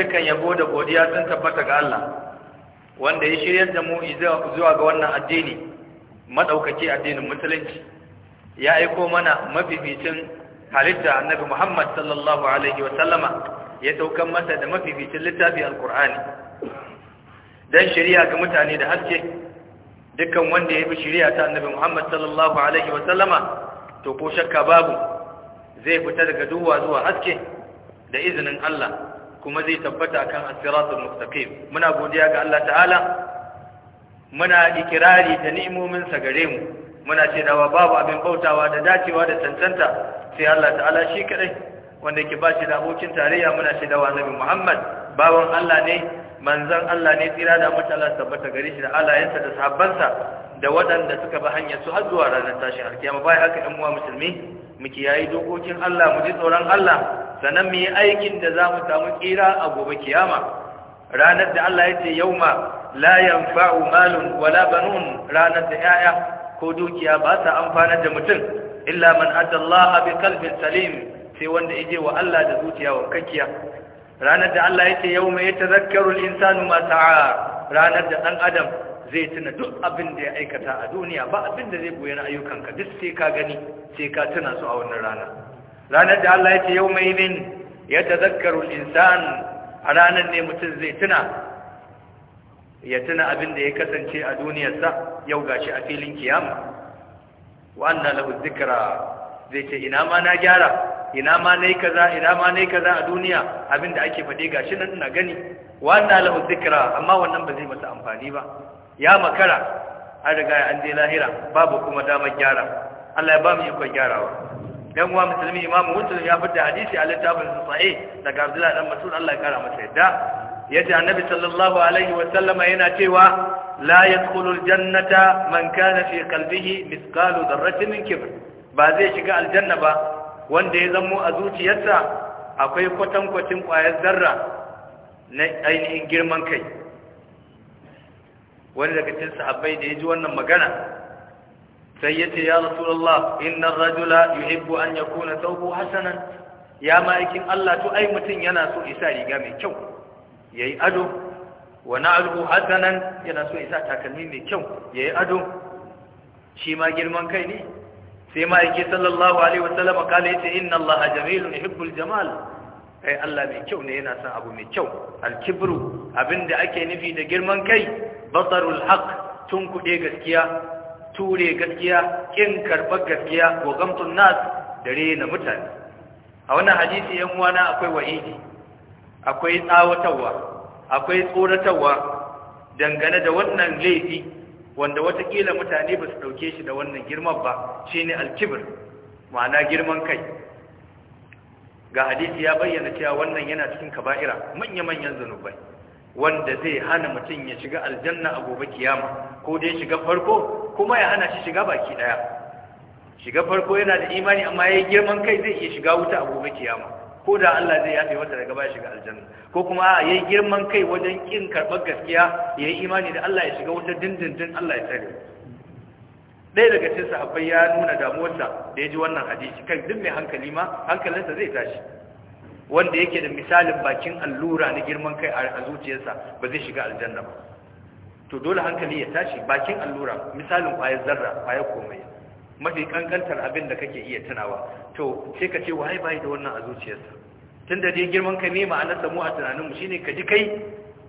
dukkan yabo da godiya sun tabbata ga Allah wanda ya shirya da mu zuwa ga wannan addini madaukake addinin musulunci ya aiko mana mafificin halitta annabi Muhammad sallallahu alaihi wa sallama ya saukan masa da mafificin littafi alqur'ani dan shari'a ga mutane da haske dukkan wanda ya bi shari'a ta annabi Muhammad sallallahu alaihi wa sallama to ko shakka babu zai fita daga duwa zuwa haske da izinin Allah kuma zai tabbata akan asiratul siratul mustaqim muna godiya ga Allah ta'ala muna ikirari da ni'imomin sa gare mu muna ce dawa babu abin bautawa da dacewa da tantanta sai Allah ta'ala shi kadai wanda yake bashi da abokin tarayya muna ce dawa Annabi Muhammad bawan Allah ne manzon Allah ne tsira da mutum Allah tabbata gare shi da alayansa da sahabbansa da waɗanda suka bi hanyar su har zuwa ranar tashin alkiyama bai haka ɗan uwa musulmi mu kiyaye dokokin Allah mu ji tsoron Allah sannan mu yi aikin da za mu samu tsira a gobe kiyama ranar da Allah ya ce yauma la yanfa'u malun wala banun ranar da yaya ko dukiya ba ta amfana da mutum illa man atallaha bi kalbin salim sai wanda ije wa Allah da zuciya wankakkiya ranar da Allah ya ce yauma yatazakkaru al-insanu masu sa'a ranar da ɗan adam zai tuna duk abin da ya aikata a duniya ba abin da zai goyi na ayyukanka duk sai ka gani sai ka tuna su a wannan rana ranar da Allah ya ce yau mai nin ya ta zakkaru insan a ranar ne mutum zai tuna ya tuna abin da ya kasance a duniyarsa yau gashi a filin kiyama wannan lahu zikra zai ce ina ma na gyara ina ma nayi kaza ina ma nayi kaza a duniya abin da ake faɗe gashi nan ina gani wannan lahu zikra amma wannan ba zai masa amfani ba ya makara an riga an je lahira babu kuma damar gyara Allah ya ba mu ikon gyarawa dan uwa musulmi imamu muslim ya fitar hadisi a littafin sahih daga abdullahi dan mas'ud Allah ya kara masa yadda yace annabi sallallahu alaihi wa sallama yana cewa la yadkhulul jannata man kana fi kalbihi, mithqalu dharratin min kibr ba zai shiga aljanna ba wanda ya zamo a zuciyarsa akwai kwatankwacin kwayar zarra na ainihin girman kai wani daga cikin sahabbai da ya ji wannan magana sai ya ce ya rasulullah innar rajula yuhibbu an yakuna thawbu hasanan ya ma'aikin Allah to ai mutum yana so isa riga mai kyau yayi ado wa na'luhu hasanan yana so isa takalmi mai kyau yayi ado shi ma girman kai ne sai ma'aiki sallallahu alaihi wasallam kala yace inna Allah jamilun yuhibbul jamal Ai Allah mai kyau ne yana son abu mai kyau al-kibru abinda ake nufi da girman kai batarul haqq tun kuɗe gaskiya ture gaskiya kin karɓar gaskiya ko gamtun nas dare na mutane a wannan hadisi yan uwana akwai wa'idi akwai tsawatawa akwai tsoratarwa dangane da wannan laifi wanda watakila mutane ba su dauke shi da wannan girman ba shine alkibir ma'ana girman kai ga hadisi ya bayyana cewa wannan yana cikin kaba'ira manya-manyan zanubai wanda zai hana mutum ya shiga aljanna a gobe kiyama ko dai shiga farko kuma ya hana shi shiga baki daya shiga farko yana da imani amma ya girman kai zai iya shiga wuta a gobe kiyama ko da Allah zai yafe masa daga baya shiga aljanna ko kuma ya girman kai wajen kin karɓar gaskiya ya yi imani da Allah ya shiga wuta dindindin Allah ya tsare ɗaya daga cikin sahabbai ya nuna damuwarsa da ya ji wannan hadisi kai duk mai hankali ma hankalinsa zai tashi wanda yake da misalin bakin allura na girman kai a zuciyarsa ba zai shiga aljanna ba to dole hankali ya tashi bakin allura misalin kwayar zarra kwayar komai mafi kankantar abin da kake iya tunawa to sai ka ce waye bai da wannan a zuciyarsa tunda dai girman ka ne ma'anar samu a tunanin mu shine ka ji kai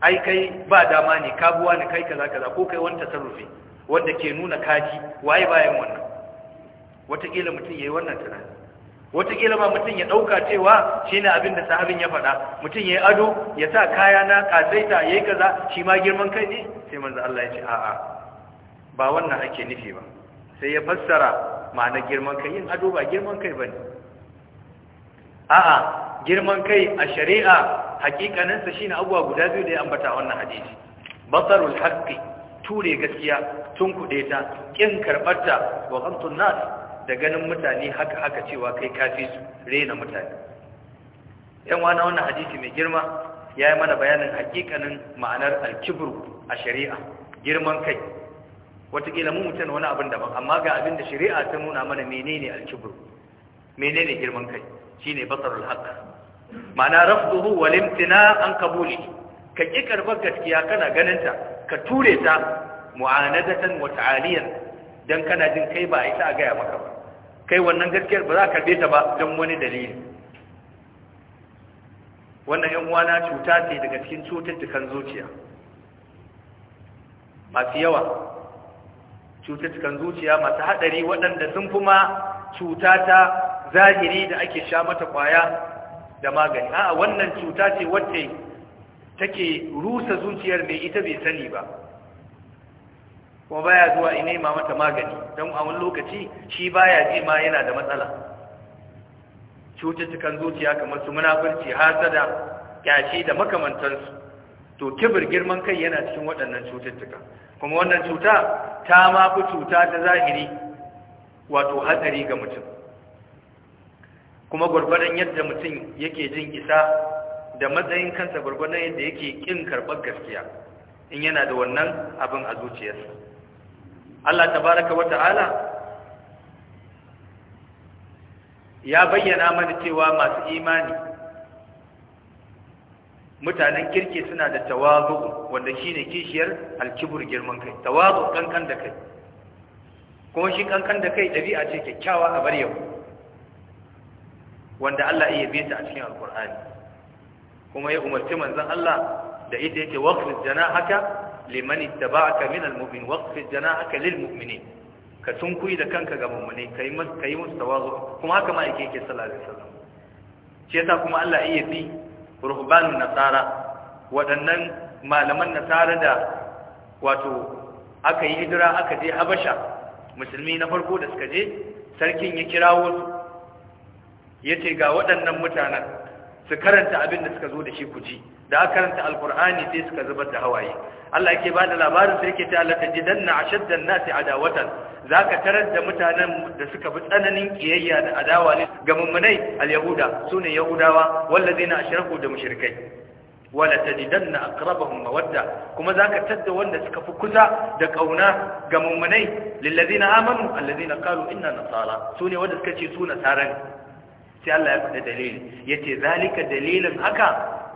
ai kai ba dama ne ka buwa ne kai kaza kaza ko kai wani tasarrufi wanda ke nuna kaji waye bayan wannan wataƙila mutum yayi wannan tunanin wataƙila ma mutum ya ɗauka cewa shi ne abin da sahabin ya faɗa mutum ya yi ado ya sa kaya na ƙasaita ya yi kaza shi ma girman kai ne sai manzo Allah ya ce a'a ba wannan ake nufi ba sai ya fassara ma'ana girman kai yin ado ba girman kai ba ne a'a girman kai a shari'a hakikaninsa shi ne abuwa guda biyu da ya ambata wannan hadisi basarul haqqi ture gaskiya tun kuɗe ta ƙin karɓarta wa ƙantun nasu da ganin mutane haka haka cewa kai kafi su rena mutane yan wani wannan hadisi mai girma ya yi mana bayanin hakikanin ma'anar alkibru a shari'a girman kai watakila mu mutum wani abin daban amma ga abin da shari'a ta nuna mana menene alkibru menene girman kai shine basarul haqq ma'ana rafduhu wal imtina an qabuli ka ki karbar gaskiya kana ganin ta ka ture ta mu'anadatan wata ta'aliyan dan kana jin kai ba a ita a gaya maka ba kai wannan gaskiyar ba za ka karbe ta ba don wani dalili wannan yan uwana cuta ce daga cikin cututtukan zuciya masu yawa cututtukan zuciya masu haɗari waɗanda sun fi ma cuta ta zahiri da ake sha mata kwaya da magani A'a wannan cuta ce wacce take rusa zuciyar mai ita bai sani ba kuma baya zuwa in ma mata magani don a wani lokaci shi baya ji ma yana da matsala cututtukan zuciya kamar su munafurci hasada kyashi da makamantansu to kibir girman kai yana cikin waɗannan cututtuka kuma wannan cuta ta ma fi cuta ta zahiri wato hatsari ga mutum kuma gwargwadon yadda mutum yake jin isa da matsayin kansa gwargwadon yadda yake ƙin karɓar gaskiya in yana da wannan abin a zuciyarsa Allah tabaraka wa ta'ala ya bayyana mana cewa masu imani mutanen kirki suna da tawazu wanda shine kishiyar alkibur girman kai tawazu kankan da kai kuma shi kankan da kai dabi'a ce kyakkyawa a bar yau wanda Allah ya yabe ta a cikin alkur'ani kuma ya umarci manzon Allah da ita yake waqfil janahaka liman ittaba'aka min almu'min waqfi janahaka lilmu'minin ka tunkuyi da kanka ga mu'mini kai musu kai musu tawazu kuma haka ma yake yake sallallahu alaihi wasallam shi yasa kuma Allah iya bi ruhbanun nasara waɗannan malaman nasara da wato aka yi hijira aka je habasha musulmi na farko da suka je sarkin ya kirawo su yace ga waɗannan mutanen su karanta abin da suka zo da shi ku ji da aka karanta alkur'ani sai suka zubar da hawaye Allah yake ba da labarin sai yake ta Allah ta ji danna ashaddan nasi adawatan zaka tarar da mutanen da suka fi tsananin kiyayya da adawa ne ga mummunai al-yahuda sune yahudawa wallazina ashraku da mushrikai wala tajidanna aqrabahum mawadda kuma zaka tadda wanda suka fi kusa da kauna ga mummunai lillazina amanu allazina qalu inna nasara sune wanda suka ce su nasara sai Allah ya faɗi dalili yace zalika dalilin haka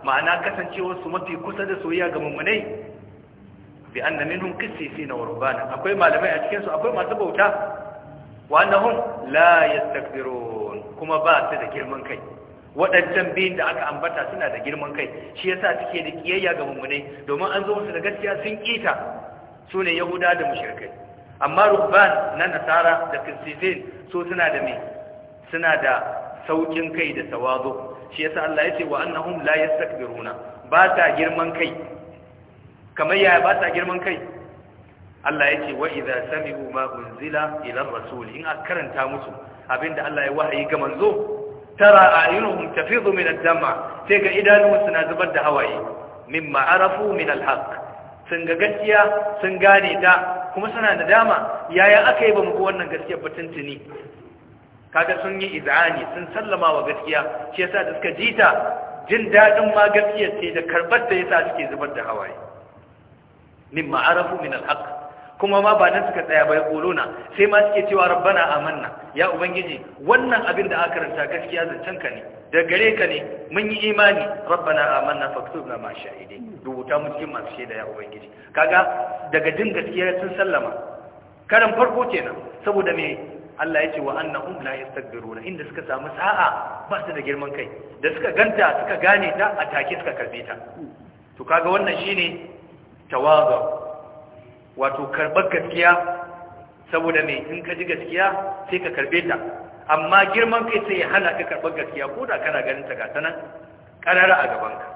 ma'ana kasancewar su mafi kusa da soyayya ga mummunai bi anna minhum qissisina na warubana akwai malamai a cikinsu. akwai masu bauta wanda hun? la yastakbirun kuma ba su da girman kai waɗancan biyun da aka ambata suna da girman kai shi yasa suke da kiyayya ga mummunai domin an zo musu da gaskiya sun kita su ne yahuda da mushirkai amma rubban na nasara da kirsisin so suna da me suna da saukin kai da tawazo shi yasa Allah ya ce wa annahum la yastakbiruna ba ta girman kai kamar yaya ba ta girman kai Allah ya ce wa idza sami'u ma unzila ila rasul in a karanta musu abinda Allah ya wahayi ga manzo tara ayunuhum tafidu min ad-dama sai ga idanunsu na zubar da hawaye mimma arafu min al sun ga gaskiya sun gane ta kuma suna da dama yaya aka yi ba mu wannan gaskiya ba tuntuni kaga sun yi izani sun sallama wa gaskiya shi yasa da suka jita jin dadin ma gaskiyar ce da karbar da yasa suke zubar da hawaye Min ma'arafu min alhaq kuma ma ba nan suka tsaya bai kolona sai ma suke cewa rabbana amanna ya ubangiji wannan abin da aka karanta gaskiya zancen ka ne da gare ka ne mun yi imani rabbana amanna faktubna ma shahidin rubuta mu cikin masu shaida ya ubangiji kaga daga jin gaskiya sun sallama karan farko kenan saboda me Allah ya ce wa annahum la yastakbiruna inda suka samu sa'a ba su da girman kai da suka ganta suka gane ta a take suka karbe ta to kaga wannan shine tawazu wato karbar gaskiya saboda me in ka ji gaskiya sai ka karbe ta amma girman kai sai ya hana ka karbar gaskiya ko da kana ganin ta ga sanan karara a gabanka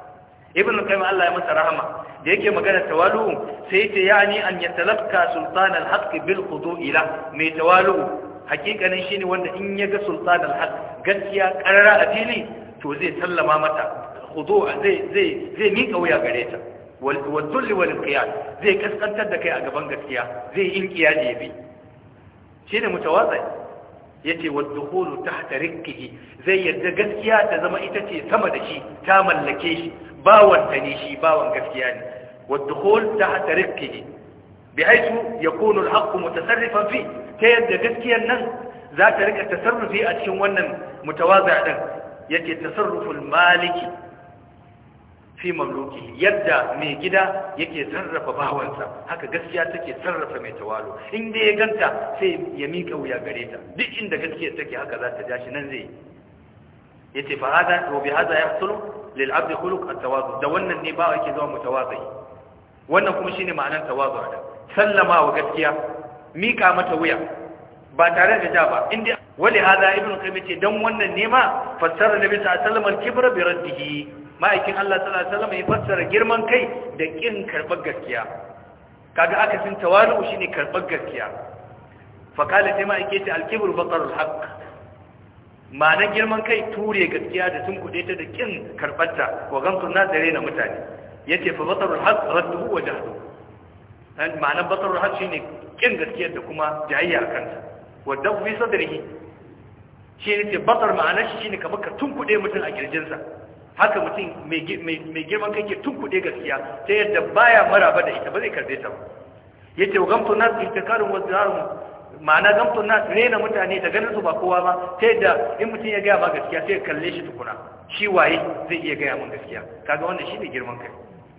ibn qayyim Allah ya masa rahama da yake magana tawalu sai ta yani an yatalaqqa sultan al-haqq bil khudu' ila mai tawalu hakikanin shine wanda in ya ga sultan al-haq gaskiya karara a fili to zai sallama mata khudu'a zai zai zai mika wuya gare ta wal dhulli wal qiyad zai kaskantar da kai a gaban gaskiya zai yin kiyaye bi shine mutawazi yace wad dukhulu tahta rikkihi zai yarda gaskiya ta zama ita ce sama da shi ta mallake shi ba ta ne shi bawan gaskiya ne wad dukhul tahta rikkihi bihaythu yakunu al-haqqu mutasarrifan fi ta yadda gaskiyar nan za ta rika tasarrufi a cikin wannan mutawaza ɗin yake tasarruful maliki fi mamluki yadda mai gida yake sarrafa bawansa haka gaskiya take sarrafa mai tawalu in dai ya ganta sai ya mika wuya gare ta duk inda gaskiya take haka za ta jashi nan zai yace fa hada wa bi hada yahsulu lil abd khuluq at tawazu da wannan ne bawa yake zuwa mutawazi wannan kuma shine ma'anar tawazu da sallama wa gaskiya mika mata wuya ba tare da ja ba inda wali hada ibnu qayyim ce dan wannan nema fassara nabi sallallahu alaihi wasallam kibra bi raddihi ma'aikin Allah sallallahu alaihi wasallam ya fassara girman kai da kin karbar gaskiya kaga sun tawalu shine karbar gaskiya fa kala sai ma'aike ce al-kibru al haqq ma'ana girman kai ture gaskiya da sun kude ta da kin karbarta wa gamsu na dare na mutane yace fa al haqq radduhu wa jahduhu ma'anar batar har shi ne ƙin gaskiyar da kuma jayayya a kanta wadda fi sadrihi shi ne ce basar ma'anar shi ne kamar ka tunkuɗe mutum a kirjinsa haka mutum mai girman kai ke tunkuɗe gaskiya ta yadda baya maraba da ita ba zai karbe ta ba ya ce gamtun ita iftikarun wasu zarun ma'ana gamtun su rena mutane da ganin su ba kowa ba ta yadda in mutum ya gaya ma gaskiya sai ya kalle shi tukuna shi waye zai iya gaya min gaskiya kaga wannan shi ne girman kai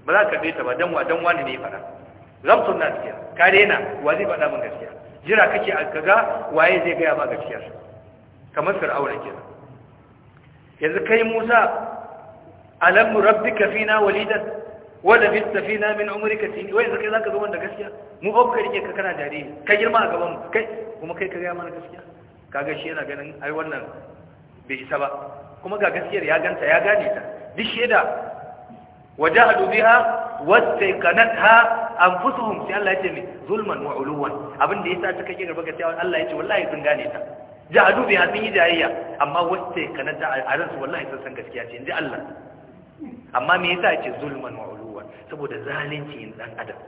ba za ka karbe ta ba dan wa dan wani ne ya faɗa zamtun na gaskiya ka daina wa zai faɗa min gaskiya jira kake ka ga waye zai gaya ma gaskiya kamar fir'auna kira. yanzu kai Musa alam rabbika fina walidan la bitta fina min umrika tin wai yanzu kai zaka zo wanda gaskiya mu ba ka rike ka kana jariri ka girma a gaban mu kai kuma kai ka gaya mana gaskiya kaga shi yana ganin ai wannan bai isa ba kuma ga gaskiyar ya ganta ya gane ta duk shaida wajahadu biha wastaqanatha anfusuhum sai Allah ya ce ne zulman wa uluwan abin da yasa suka kike gaba ga cewa Allah ya ce wallahi sun gane ta jahadu bi hadin jayayya amma wacce kanata a ransu wallahi sun san gaskiya ce inji Allah amma me yasa yake ce zulman wa uluwan saboda zalunci in dan adam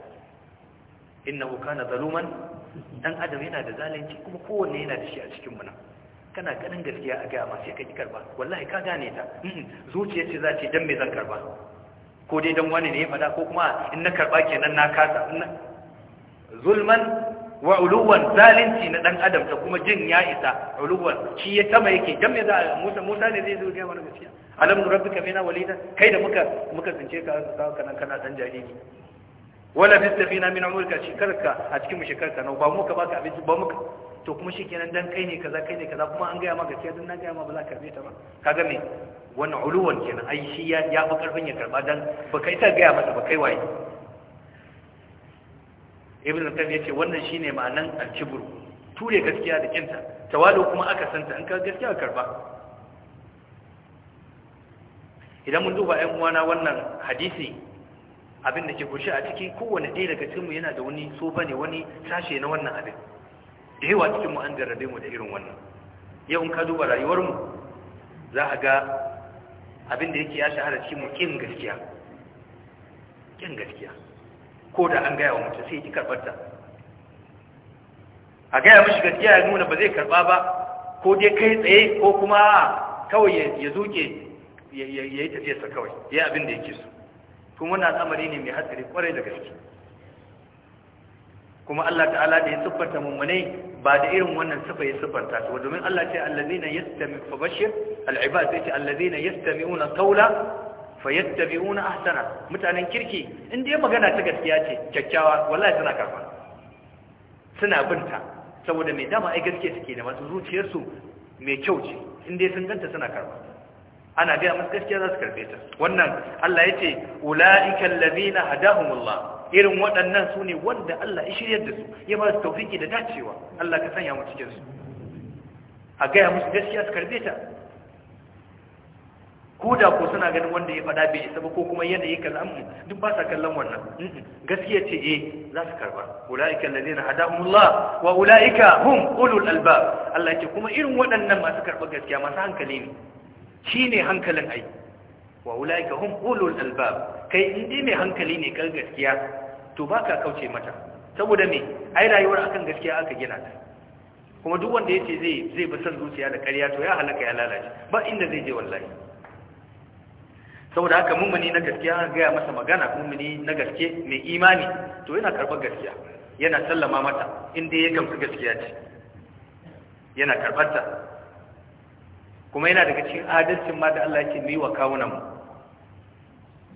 innahu kana zaluman dan adam yana da zalunci kuma kowanne yana da shi a cikin mu kana ganin gaskiya a gaya ma sai ka ki karba wallahi ka gane ta zuciya ce za ce dan me zan karba ko dai dan wani ne ya faɗa ko kuma in na karɓa kenan na kasa zulman wa uluwan zalunci na dan adam da kuma jin ya isa uluwan shi ya sama yake dan me za Musa Musa ne zai zo ga wani gaskiya alam rabbika bina walida kai da muka muka tsince ka ka kana kana dan jahili wala fi min umrika shikarka a cikin mu shikarka na. ba muka baka abinci ba muka to kuma shi kenan dan kai ne kaza kai ne kaza kuma an gaya ma gaskiya dan na gaya ma ba za ka karbe ta ba kaga me wannan uluwan kenan ai shi ya ya fi karfin ya karba dan ba kai ta gaya masa ba kai waye ibn al-qayyim yace wannan shine ma'anan al-kibru ture gaskiya da kinta tawalu kuma aka santa in ka gaskiya ka karba idan mun duba ƴan uwana wannan hadisi abin da ke gushe a ciki kowanne ɗaya daga cikinmu yana da wani tsofa ne wani sashe na wannan abin da yawa cikin mu an jarrabe mu da irin wannan yau in ka duba rayuwar mu za a ga abin da yake ya shahara cikin mu kin gaskiya kin gaskiya ko da an gaya wa mutum sai ya ki karɓar ta a gaya mashi gaskiya ya nuna ba zai karɓa ba ko dai kai tsaye ko kuma kawai ya zuke ya yi tafiyarsa kawai ya yi abin da yake so kuma wannan al'amari ne mai hatsari kwarai da gaske kuma Allah ta'ala da ya siffanta mummunai ba da irin wannan sifa ya sifanta su domin Allah ce na yastami fa bashir al'ibad ce allazina yastami'una qawla fayattabi'una ahsana mutanen kirki inda dai magana ta gaskiya ce kyakkyawa wallahi suna karba suna binta saboda mai dama ai gaske suke da masu zuciyarsu mai kyau ce in dai sun ganta suna karba ana ga masu gaskiya za su karfe. ta wannan Allah ya yace ulaika allazina hadahumullah irin waɗannan su ne wanda Allah ya shiryar da su ya ba su taufiki da dacewa Allah ka sanya mu cikin a gaya musu gaskiya su karbe ta ko da ko suna ganin wanda ya faɗa bai isa ba ko kuma yadda ya kaza mu duk ba sa kallon wannan gaskiya ce eh za su karba ulaika alladhina hadahumullah wa ulaika hum ulul albab Allah ce kuma irin waɗannan masu karba gaskiya masu hankali ne shine hankalin ai wa ulaika hum ulul albab kai indai mai hankali ne kan gaskiya to ba ka kauce mata saboda me ai rayuwar akan gaskiya aka gina ta kuma duk wanda yace zai zai ba san zuciya da ƙarya to ya halaka ya lalace ba inda zai je wallahi saboda haka mummuni na gaskiya ga gaya masa magana mummuni na gaske mai imani to yana karɓar gaskiya yana sallama mata inda ya gamsu gaskiya ce yana karɓar ta kuma yana daga cikin adalcin ma da Allah yake yi wa kawunanmu.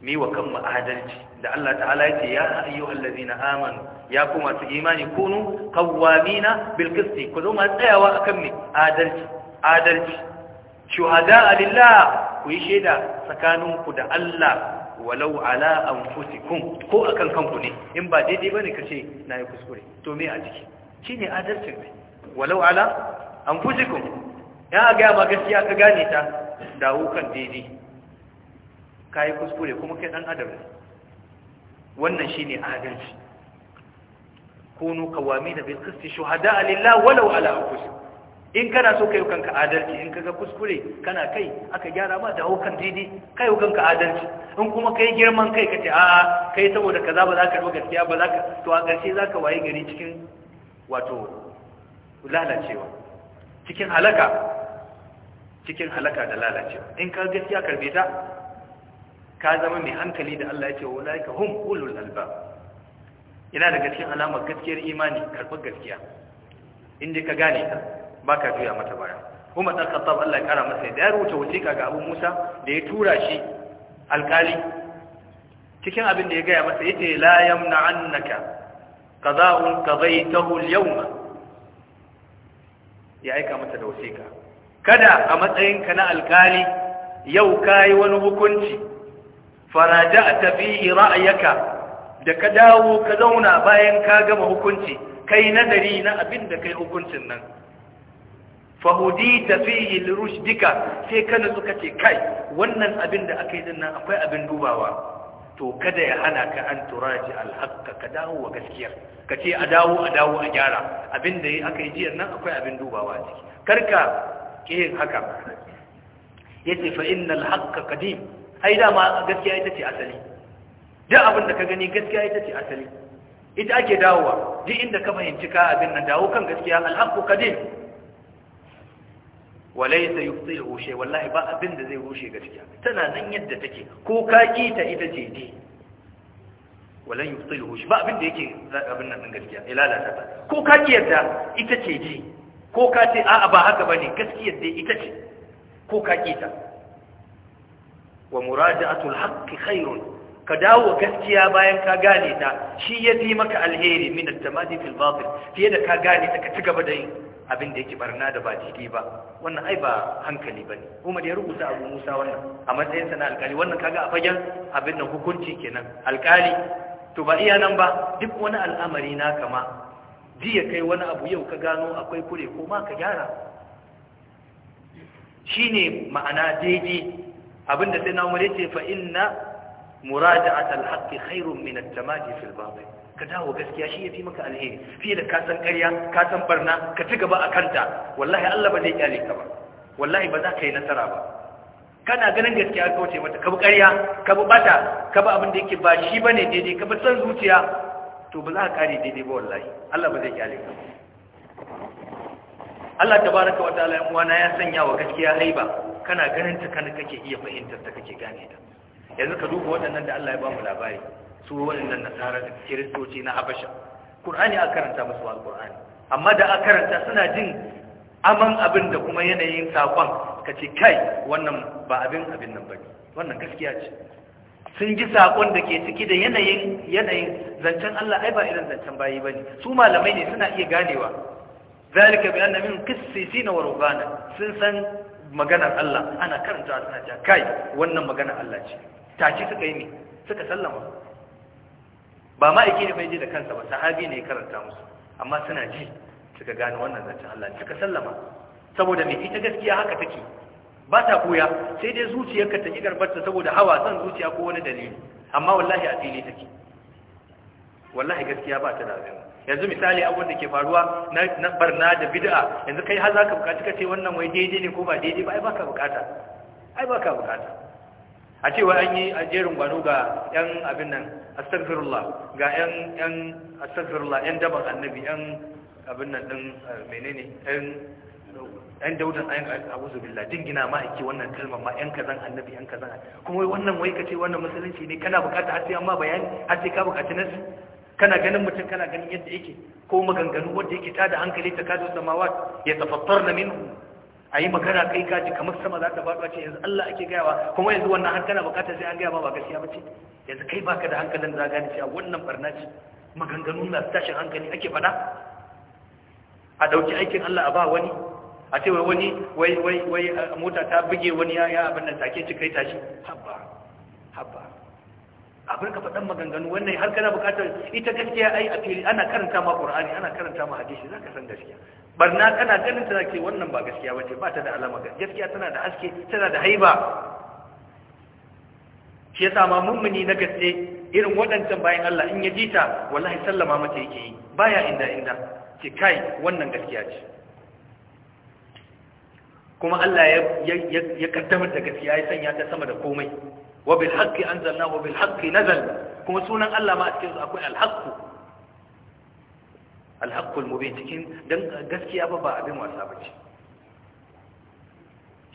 mi wa kanmu adalci da Allah ta'ala yake ya ayyuhal ladina amanu ya ku masu imani kunu qawwamina bil qisti ku zama tsayawa akan mi adalci adalci shuhada lillah ku yi shaida tsakanin ku da Allah walau ala anfusikum ko akan kanku ne in ba daidai bane na yi kuskure to me a ciki shine adalcin ne walau ala anfusikum ya ga ma gaskiya ka gane ta dawo kan daidai kayi kuskure kuma kai dan adam ne wannan shine adalci kunu qawamin bil qist shuhada lillah walau ala anfusikum in kana so kai kanka adalci in kaga kuskure kana kai aka gyara ma da hukan daidai kai kanka adalci in kuma kai girman kai kace a'a kai saboda kaza ba za ka ruwa gaskiya ba za ka to a ƙarshe za ka waye gari cikin wato lalacewa cikin halaka cikin halaka da lalacewa in ka gaskiya karbe ta ka zama mai hankali da Allah ya ce wa laika hum ulul alba? yana daga cikin alamar gaskiyar imani karɓar gaskiya inda ka gane ta baka juya mata baya kuma dan Khattab Allah ya kara masa da ya rubuta wasiƙa ga Abu Musa da ya tura shi alkali cikin abin da ya gaya masa yace la yamna annaka qada'un qadaytahu al-yawma ya aika mata da wasiƙa kada a matsayinka na alkali yau kayi wani hukunci faraja'ta fihi ra'yaka da ka dawo ka zauna bayan ka gama hukunci kai nadari na abin da kai hukuncin nan fahudita fihi lirushdika sai ka nutsu ce kai wannan abin da akai din nan akwai abin dubawa to kada ya hana ka an turaji alhaqqa ka dawo wa gaskiyar ka ce a dawo a dawo a gyara abin da aka yi jiyar nan akwai abin dubawa ciki karka ke yin haka yace fa innal haqqa qadim ai dama gaskiya ita ce asali duk abin da ka gani gaskiya ita ce asali ita ake dawowa duk inda ka fahimci ka abin nan dawo kan gaskiya alhaqqu qadim walaysa yubtihu shay wallahi ba abin da zai rushe gaskiya tana nan yadda take ko ka kita ita ce dai walan yubtihu shay ba abin da yake abin nan gaskiya ilalata ta ko ka kiyarta ita ce dai ko ka ce a'a ba haka bane gaskiyar dai ita ce ko ka kita wa muraja'atul haqqi khairun ka dawo gaskiya bayan ka gane ta shi ya fi maka alheri min at-tamadi fil batil fiye da ka gane ta ka ci gaba da yin abin da yake barna da ba daidai ba wannan ai ba hankali bane kuma da ya rubuta Abu Musa wannan a matsayin sa na alkali wannan kaga a fagen abin nan hukunci kenan alkali to ba iya nan ba duk wani al'amari na kama jiya kai wani abu yau ka gano akwai kure ko ma ka gyara shine ma'ana daidai abinda sai na umar ce fa inna muraja'at al-haqq khairun min at-tamadi fil batil ka dawo gaskiya shi ya fi maka alheri fiye da ka san ƙarya ka san barna ka ci gaba a kanta. wallahi Allah ba zai kyale ka ba wallahi ba za ka yi nasara ba kana ganin gaskiya ka wuce mata ka bi ƙarya ka bi bata ka bi abin da yake ba shi bane daidai ka bi san zuciya to ba za ka kare daidai ba wallahi Allah ba zai kyale ka ba. Allah tabaraka wa ta'ala yan uwana ya sanya wa gaskiya haiba kana ganin ta kana kake iya fahimtar ta kake gane ta yanzu ka duba waɗannan da Allah ya ba mu labari su waɗannan nasara da kiristoci na habasha qur'ani a karanta musu alqur'ani amma da a karanta suna jin aman abin da kuma yanayin sakon kace kai wannan ba abin abin nan bane wannan gaskiya ce sun ji sakon da ke ciki da yanayin yanayin zancen Allah ai ba irin zancen bayi bane su malamai ne suna iya ganewa zalika bi anna min qissisina wa rubana sun san maganar Allah ana karanta suna jakai kai wannan maganar Allah ce tace suka yi ne suka sallama ba ma ne bai ji da kansa ba sahabi ne ya karanta musu amma suna ji suka gane wannan zancen Allah suka sallama saboda mai ita gaskiya haka take ba ta koya sai dai zuciyarka ta ki garbarta saboda hawa san zuciya ko wani dalili amma wallahi a fili take wallahi gaskiya ba ta da yanzu misali abin da ke faruwa na barna da bid'a yanzu kai har zaka bukaci kace wannan wai daidai ne ko ba daidai ba ai baka bukata ai baka bukata a cewa an yi ajerin gwano ga yan abin nan astaghfirullah ga yan yan astaghfirullah yan daban annabi yan abin nan din eh, menene yan yan daudan ayin a'udhu billah dingina ma ake wannan kalmar ma yan kazan annabi yan kazan kuma wannan wai kace wannan musulunci ne kana bukata har sai amma bayani har sai ka bukaci nasu kana ganin mutum kana ganin yadda yake ko maganganu wanda yake tada hankali ta kazo samawa ya tafattarna minhu ayi magana kai kaji kamar sama za ta faɗo ce yanzu Allah ake gayawa kuma yanzu wannan har kana bukatar sai an gaya ba ba gaskiya bace yanzu kai baka da hankalin da za gane cewa wannan barna ce maganganun na tashin hankali ake faɗa a dauki aikin Allah a ba wani a ce wai wani wai wai wai mota ta buge wani ya ya abin nan take ci kai tashi habba a ka faɗan maganganu wannan har kana buƙatar ita gaskiya ai a fili ana karanta ma Qur'ani ana karanta ma hadisi zaka san gaskiya barna kana ganin ta zake wannan ba gaskiya bace ba ta da alama gaskiya tana da haske tana da haiba shi yasa ma mummuni na gaske irin waɗancan bayan Allah in ya jita wallahi sallama mata yake yi baya inda inda ce kai wannan gaskiya ce kuma Allah ya kaddamar da gaskiya ya sanya ta sama da komai wa bil haqqi anzalnahu wa bil kuma sunan Allah ma a akwai al haqqu al haqqul cikin gaskiya ba ba abin wasa bace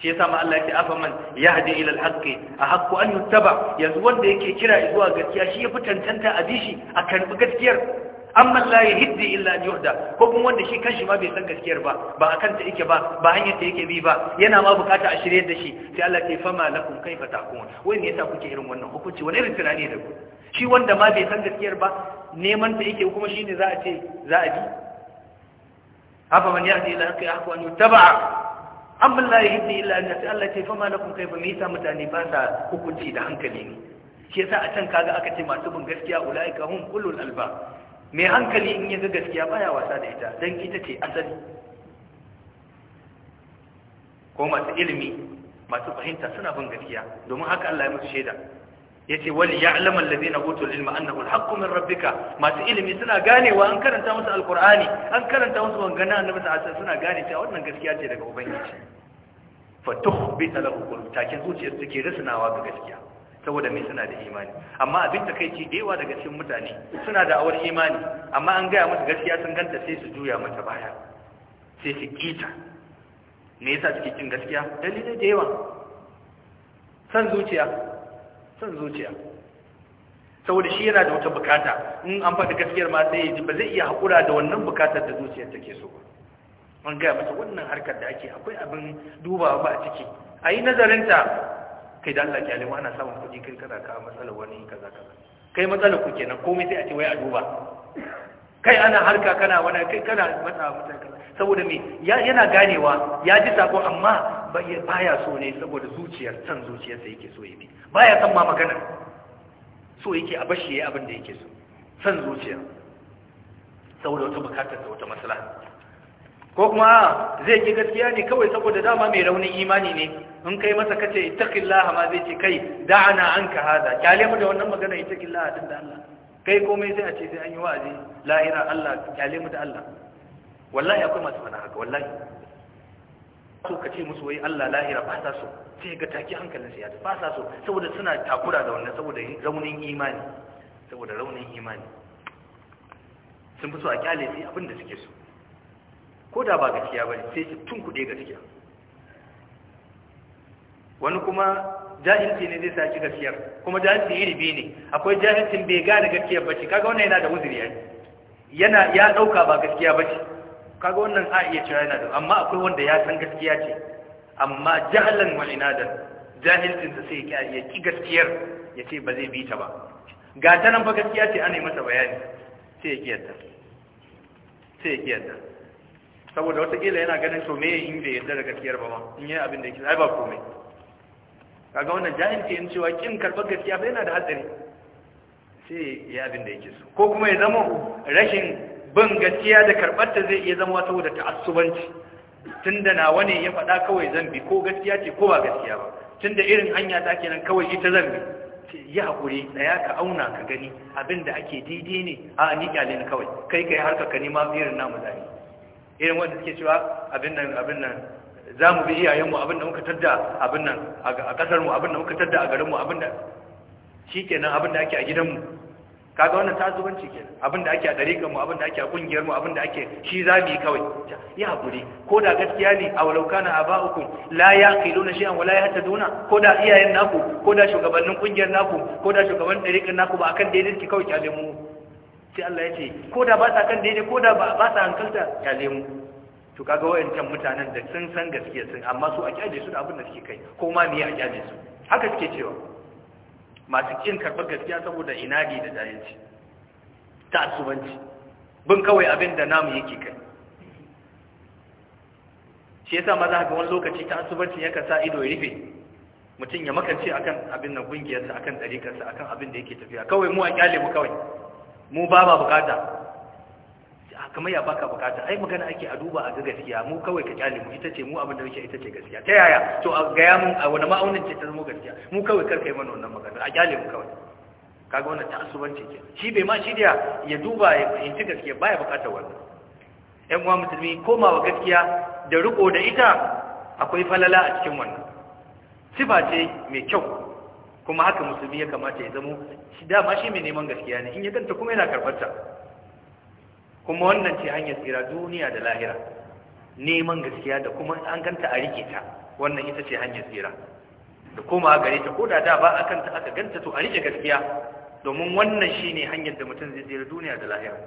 shi yasa ma Allah ya afaman yahdi ila alhaqi ahqqu an yuttaba yanzu wanda yake kira zuwa gaskiya shi yafi tantanta a bishi a karbi gaskiyar amma la yahdi illa an yuhda ko kuma wanda shi kanshi ma bai san gaskiyar ba ba akan ta yake ba ba hanyar ta yake bi ba yana ma bukata a shirye da shi sai Allah ya fama lakum kaifa tahkumun wai ne yasa kuke irin wannan hukunci wani irin tunani da ku shi wanda ma bai san gaskiyar ba neman ta yake kuma shine za a ce za a bi afa man yahdi ila haqqi ahwa an yuttaba amma la yahdi illa an yasi Allah ce fama lakum kaifa me yasa mutane ba sa hukunci da hankali ne shi yasa a can kaga aka ce masu bin gaskiya ulaika hum ulul alba mai hankali in ya ga gaskiya baya wasa da ita don ita ce asali ko masu ilimi masu fahimta suna bin gaskiya domin haka Allah ya musu shaida Ya yace wali ya'lamu na utul ilma annahu alhaqqu min rabbika masu ilimi suna ganewa an karanta musu alqur'ani an karanta musu bangana annabi sallallahu suna gane cewa wannan gaskiya ce daga ubangiji fa tukhbita lahu qulub takin zuciyar take risnawa ga gaskiya saboda mai suna da imani amma abin da kai ce dewa daga cikin mutane suna da awar imani amma an gaya musu gaskiya sun ganta sai su juya mata baya sai su kita me yasa suke cin gaskiya dalilai da yawa san zuciya san zuciya saboda shi yana da wata bukata in an faɗi gaskiyar ma sai ji ba zai iya haƙura da wannan bukatar da zuciyar take so an gaya mata wannan harkar da ake akwai abin dubawa ba a ciki a yi nazarinta kai da Allah kyale ana samun kuɗi kai kana ka matsalar wani kaza kaza kai matsalar ku kenan komai sai a ce wai a duba kai ana harka kana wani kai kana matsa kaza saboda me yana ganewa ya ji sako amma baya so ne saboda zuciyar san sai yake so yake baya san ma magana so yake a bashi yayi abin da yake so san zuciya saboda wata bukatar da wata maslaha ko kuma zai ki gaskiya ne kawai saboda dama mai raunin imani ne in kai masa kace ittaqillaha ma zai ce kai da'ana anka hada kyale mu da wannan magana ittaqillaha din da Allah kai komai sai a ce sai an yi wa'azi lahira Allah kyale mu da Allah wallahi akwai masu fana haka wallahi so kace musu wai Allah lahira ba sa so sai ga taki hankalin sa ya ba sa so saboda suna takura da wannan saboda raunin imani saboda raunin imani sun fi so a kyale sai abin da suke so ko da ba gaskiya ba ne sai su tun kuɗe gaskiya wani kuma jahilci ne zai saki gaskiyar kuma jahilci iri biyu ne akwai jahilcin bai gane gaskiyar ba ce kaga wannan yana da uzuri ya yana ya ɗauka ba gaskiya ba ce kaga wannan a iya cewa yana da amma akwai wanda ya san gaskiya ce amma jahalan wal inadan jahilcinsa sai ya ki gaskiyar ya ce ba zai bi ta ba ga ta nan fa gaskiya ce ana yi masa bayani sai ya ƙi yadda sai ya ƙi yadda saboda watakila yana ganin to me in da yadda da gaskiyar ba ma in yi abin da yake zai ba komai kaga wannan jahilci yin cewa kin karɓar gaskiya ba yana da hatsari sai yi abin da yake so ko kuma ya zama rashin bin gaskiya da karɓar ta zai iya zama saboda ta'assubanci tunda nawa ne ya faɗa kawai zambi ko gaskiya ce ko ba gaskiya ba tunda irin hanya ta kenan kawai ita zambi yi hakuri ya ka auna ka gani abin da ake daidai ne a ni kyale kawai kai kai harka ka nema irin namu zai irin wanda suke cewa abin nan abin nan za mu bi iyayenmu abin da muka tadda abin nan a ƙasarmu abin da muka tadda a garinmu abin da shi kenan abin da ake a gidanmu kaga wannan tazubanci kenan abin da ake a mu, abin da ake a ƙungiyarmu abin da ake shi za mu yi kawai ya haƙuri ko da gaskiya ne a walauka na uku la ya kilo na shi'an wala ya hatta duna ko da iyayen naku ko da shugabannin ƙungiyar naku ko da shugaban ɗariƙan naku ba akan daidai ki kawai kyale mu sai Allah ya ce ko da ba sa kan daidai ko da ba sa hankalta ya mu to kaga wayancan mutanen da sun san gaskiya sun amma su a kyaje su da abin da suke kai ko ma me a kyaje su haka suke cewa masu kin karɓar gaskiya saboda inadi da jahilci ta asubanci bin kawai abin da namu yake kai shi yasa maza ga wani lokaci ta asubanci yaka sa ido ya rufe mutum ya makance akan abin nan kungiyarsa akan ɗarikarsa akan abin da yake tafiya kawai mu a kyale mu kawai mu ba ba bukata ah, kamar ya baka bukata ai magana ake a duba a ga gaskiya mu kawai ka kyale mu ita ce mu abin da muke ita ce gaskiya ta yaya to a gaya mun a wani ma'aunin ce ta zama gaskiya mu kawai karka yi mana wannan magana a kyale mu kawai kaga wannan ta'assubanci ce shi bai ma shi da ya duba ya fahimci gaskiya baya bukata wannan ƴan uwa musulmi komawa gaskiya da riko da ita akwai falala a cikin wannan sifa ce mai kyau kuma haka musulmi ya kamata ya zamo shi dama shi mai neman gaskiya ne in ya ganta kuma yana karbarta kuma wannan ce hanyar tsira duniya da lahira neman gaskiya da kuma an ganta a rike ta wannan ita ce hanyar tsira da kuma a gare ta ko da da ba a kanta aka ganta to a rike gaskiya domin wannan shi ne hanyar da mutum zai tsira duniya da lahira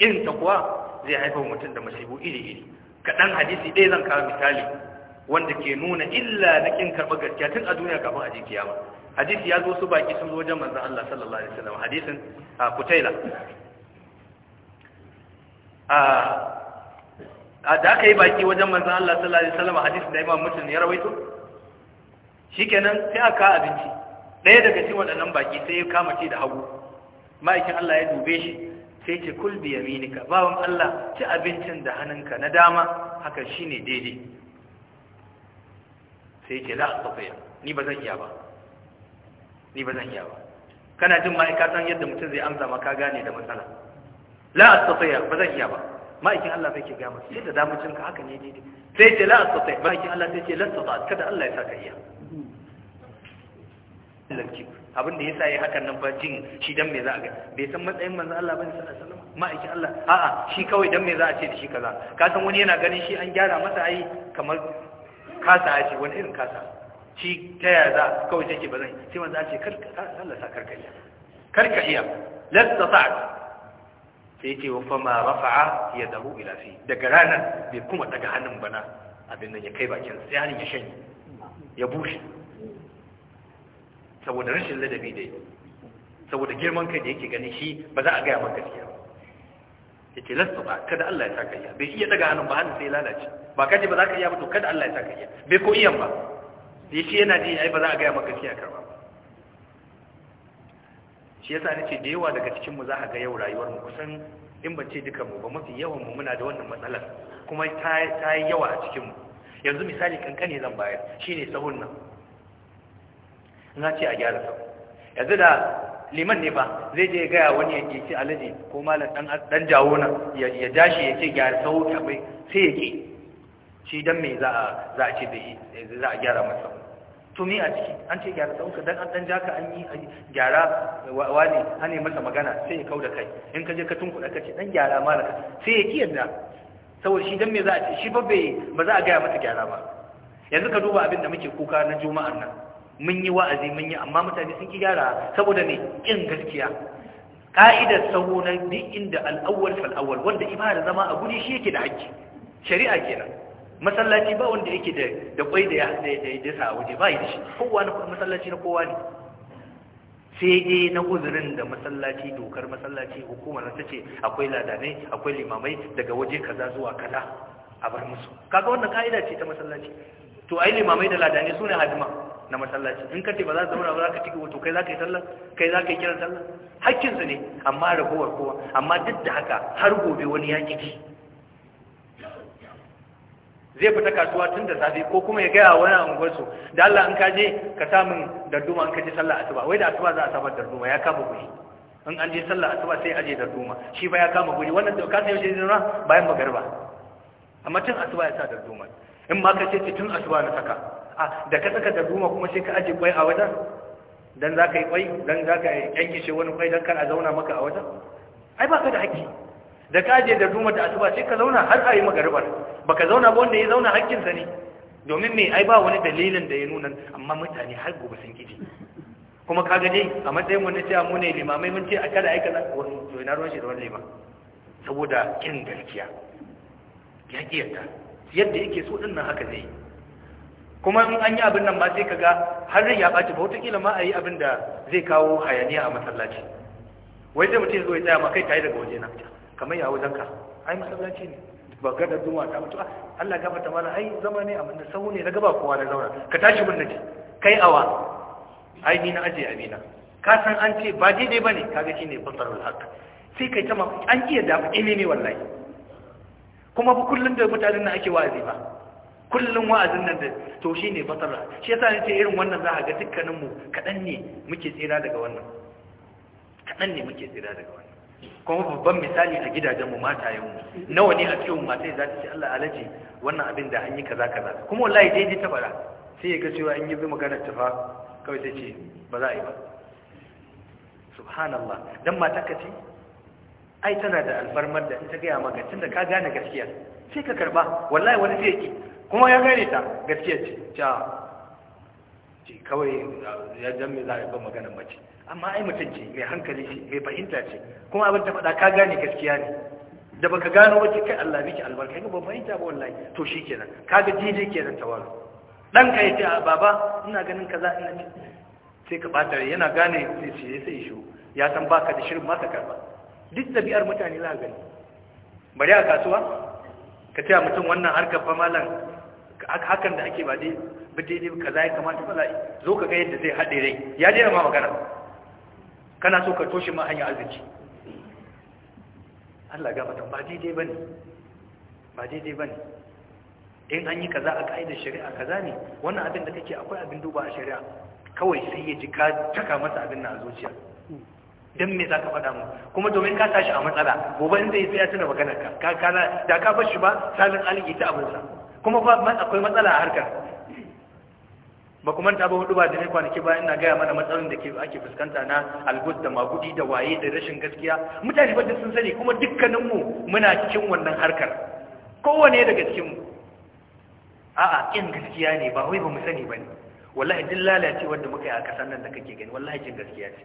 irin ta kuwa zai haifar mutum da masibu iri iri kaɗan hadisi ɗaya zan kawo misali wanda ke nuna illa da kin karɓar gaskiya tun a duniya kafin a je kiyama hadisi ya zo su baki sun zo wajen manzon Allah sallallahu alaihi wasallam hadisin Kutaila a da aka yi baki wajen manzon Allah sallallahu alaihi wasallam hadisin da Imam Muslim ya rawaito shikenan sai aka abinci ɗaya daga cikin waɗannan baki sai ya kama ce da hagu ma'aikin Allah ya dube shi sai ce kul bi yaminika bawon Allah ci abincin da hannunka na dama haka shine daidai sai ce la astatiya ni ba zan iya ba ni ba zan iya ba kana jin mai ka san yadda mutum zai amsa maka gane da matsala la astatiya ba zan iya ba ma'aikin Allah sai ke ga masa sai da damucin ka haka ne ne sai ce la astatiya ma'aikin Allah sai ce la astatiya kada Allah ya saka iya lalci abin da yasa yayi hakan nan ba jin shi dan me za a ga bai san matsayin manzo Allah bane sallallahu alaihi wasallam ma'aikin Allah a'a shi kawai dan me za a ce da shi kaza ka san wani yana ganin shi an gyara masa ai kamar kasa ya ce wani irin kasa shi ta yaya za kawai take ba zan sai manzo ce karka Allah sa karka iya karka iya la tata'at sai ce wa fama rafa'a ya ila fi daga ranar bai kuma daga hannun bana abin nan ya kai bakin sai hannun ya shanye ya bushe saboda rashin ladabi dai, saboda girman kai da yake gani shi ba za a gaya maka gaskiya ya ce lasta ba kada Allah ya saka iya bai iya daga hannun ba hannun sai ya lalace ba kaji ba za ka iya ba to kada Allah ya saka iya bai ko iyan ba ya ce yana ji ai ba za a gaya maka siya karba ba shi yasa ni ce da yawa daga cikin mu za a ga yau rayuwar mu kusan in ban ce dukan mu ba mafi yawan mu muna da wannan matsalar kuma ta yi yawa a cikin mu yanzu misali kankane zan bayar ne sahun nan na ce a gyara sahun yanzu da liman ne ba zai je gaya wani ya ce alaji ko malam dan jawo na ya dashi ya ce gyara sau kamai sai ya ke shi dan me za a ce bai eh, za a gyara masa tumi a ciki an ce gyara sau ka dan an dan jaka an yi gyara wani an yi masa magana sai ya kau da kai in ka je ka tunkuɗa ka ce dan gyara malam sai ya ki yadda saboda shi dan me za a ce shi ba bai ba za a gaya masa gyara ba yanzu ka duba abin da muke kuka na juma'an nan mun yi wa'azi mun yi amma mutane sun ki gyara saboda ne ƙin gaskiya ka'idar sahu na duk inda al'awwal fal wanda wanda ibada zama a guri shi yake da haƙƙi shari'a kenan masallaci ba wanda yake da da kwai da ya sa a waje ba yi da shi kowa na masallaci na kowa ne sai dai na uzurin da masallaci dokar masallaci hukumar ta ce akwai ladanai akwai limamai daga waje kaza zuwa kaza a bar musu kaga wannan ka'ida ce ta masallaci to ai limamai da ladanai ne hadima na masallaci in ka ce ba za ka zauna ba za ka tiki wato kai za ka yi sallah kai za ka yi kiran sallah hakkinsu ne amma ragowar kowa amma duk da haka har gobe wani ya ki zai fita kasuwa tun da safe ko kuma ya gaya wani unguwarsu da Allah in ka je ka samun darduma in ka je sallah asuba wai da asuba za a samar darduma ya kama guri in an je sallah asuba sai aje darduma shi ba ya kama guri wannan da ka sai yaushe zai bayan magariba amma tun asuba ya sa darduma in ma ka ce tun asuba na saka da ka saka darduma kuma sai ka aje kwai a wajen don za ka yi kwai don za ka yankishe wani kwai don kar a zauna maka a wajen ai ba ka da haƙƙi da ka aje darduma da asuba sai ka zauna har a yi magaribar ka zauna ba wanda ya zauna haƙƙinsa ne domin me ai ba wani dalilin da ya nuna amma mutane har gobe sun gidi kuma ka dai a matsayin wani cewa mu ne limamai mun ce a kada aika na wani ina ruwan shi da wani liman saboda kin gaskiya ya ƙiyarta yadda yake so ɗin nan haka zai yi kuma in an yi abin nan ma sai kaga har rai ya ɓaci ba wataƙila ma a yi abin da zai kawo hayaniya a masallaci wai zai mutum zai tsaya ma kai tare daga waje na kamar ya wajen ka ai masallaci ne ba gada duma ta mutu ah, Allah ya ta mana ai zama ne a mun sahu ne na gaba kowa na zauna ka tashi mun naji kai awa ai ni na aje amina ka san an ce ba daidai bane kaga shine fasarul haqq sai kai ta ma an iya da ilimi wallahi kuma ba kullun da mutanen nan ake wa'azi ba kullum wa'azin nan da to shi ne batara shi yasa ne ce irin wannan za a ga dukkaninmu kaɗan ne muke tsira daga wannan kaɗan ne muke tsira daga wannan kuma babban misali a gidajenmu matayenmu nawa ne a cikin matai za ta ce Allah alaji wannan abin da an yi kaza kaza kuma wallahi dai ta tabara sai ya ga cewa in yi bi magana ta fa kawai sai ce ba za a yi ba subhanallah dan mata ka ce ai tana da alfarmar da ita ta gaya maka tunda ka gane gaskiya sai ka karba wallahi wani zai ki kuma ya gani ta gaskiya ce ta ce kawai ya jan me za a maganar mace amma ai mutum ce mai hankali ce mai fahimta ce kuma abin ta faɗa ka gane gaskiya ne da baka gano wace kai Allah miki albarka ga ban fahimta ba wallahi to ga kaga jije kenan tawaro dan ka yace a baba ina ganin kaza ina ce sai ka bata yana gane sai shi sai shi ya san baka da shirin masa karba duk tabi'ar mutane za gani bari a kasuwa ka ce mutum wannan harkar fa malam hakan da ake ba dai ba daidai kaza ya kamata ba za'i zo ka ga yadda zai haɗe rai ya daina ma magana kana so ka toshe ma hanyar arziki Allah ga mutum ba daidai bane ba daidai bane in an yi kaza a ka'idar shari'a kaza ne wannan abin da kake akwai abin duba a shari'a kawai sai ya ji ka taka masa abin na a zuciya dan me za ka faɗa mu kuma domin ka tashi a matsala gobe in zai tsaya ya tuna maganar ka ka da ka bar shi ba salin aliki ta abinsa kuma fa akwai matsala a harkar ba kuma ta ba hudu ba da ne kwanaki bayan na gaya mana matsalolin da ake fuskanta na algod da magudi da waye da rashin gaskiya mutane ba sun sani kuma dukkaninmu muna cikin wannan harkar kowane daga cikinmu a'a kin gaskiya ne ba wai ba mu sani ba ne wallahi duk lalace wanda muka yi a kasan nan da kake gani wallahi kin gaskiya ce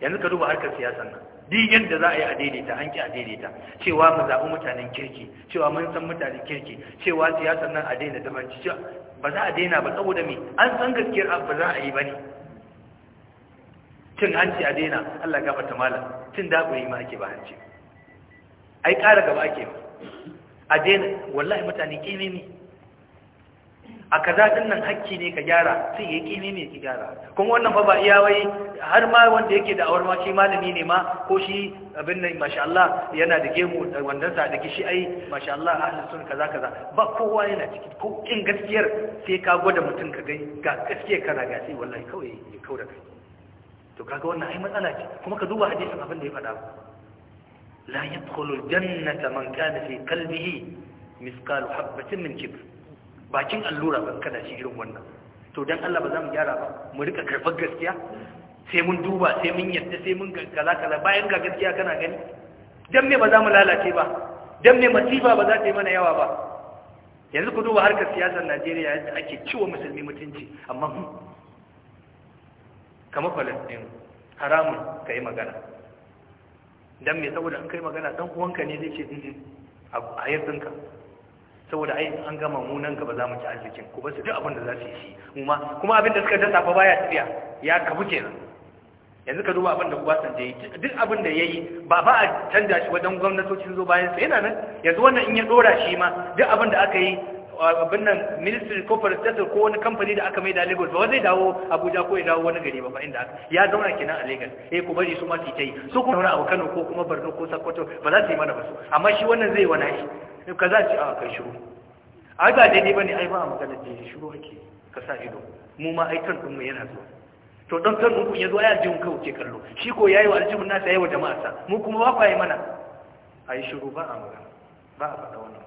yanzu ka duba harkar siyasan nan duk yadda za a yi a daidaita an ki a daidaita cewa mu zaɓi mutanen kirki cewa mun san mutanen kirki cewa siyasar nan a daina dabanci cewa ba za a daina ba saboda me an san gaskiyar abu ba za a yi ba ne cin hanci a daina Allah gaba ta malam cin daɓuri ma ake ba hanci ai ƙara gaba ake ba a daina wallahi mutane ƙeme ne a kaza dinnan nan hakki ne ka gyara sai ya kimi ne ki gyara kuma wannan fa ba iya wai har ma wanda yake da awar ma shi malami ne ma ko shi abin nan masha Allah yana da gemu da wanda sa da kishi ai masha Allah ahli sun kaza kaza ba kowa yana ciki ko in gaskiyar sai ka gwada mutum ka gai ga gaskiya kana ga sai wallahi kawai ya kaura kai to kaga wannan ai matsala ce kuma ka duba hadisin abin da ya faɗa la yadkhulu jannata man kana fi qalbihi mithqalu habatin min kibr bakin allura ban kada shi irin wannan to dan Allah ba za mu gyara ba mu rika karfar gaskiya sai mun duba sai mun yadda sai mun kankala kala bayan ga gaskiya kana gani dan me ba za mu lalace ba dan me masifa ba za ta yi mana yawa ba yanzu ku duba harkar siyasar Najeriya yadda ake ciwo musulmi mutunci amma hmm, kamar Palestine haramun ka yi magana dan me saboda an kai magana dan uwanka ne zai ce a yardinka saboda ai an gama mu nan gaba za mu ci arzikin ku ba su duk abin da za su yi shi kuma kuma abin da suka dasa fa baya tafiya ya kafu kenan yanzu ka duba abin da Obasanjo yi duk abin da yayi ba ba a canja shi wajen gwamnatocin zo bayan sa yana nan yanzu wannan in ya dora shi ma duk abin da aka yi abin nan ministry corporate sector ko wani kamfani da aka mai da Lagos ba zai dawo Abuja ko ya dawo wani gari ba ba inda ya zauna kenan a Lagos eh ku bari su ma su yi su kuma zauna a Kano ko kuma Borno ko Sokoto ba za su yi mana ba su amma shi wannan zai wani shi ka za ce a ah, kai shiru a ga daidai ne ai ba a magana da shiru ake ka sa ido mu ma ai kan yana zuwa to ɗan kan mu ya zo ya aljihun ka ke kallo shi ko yi wa aljihun nasa yawa wa jama'a sa mu kuma ba kwaye mana A yi shiru ba a magana ba a faɗa wannan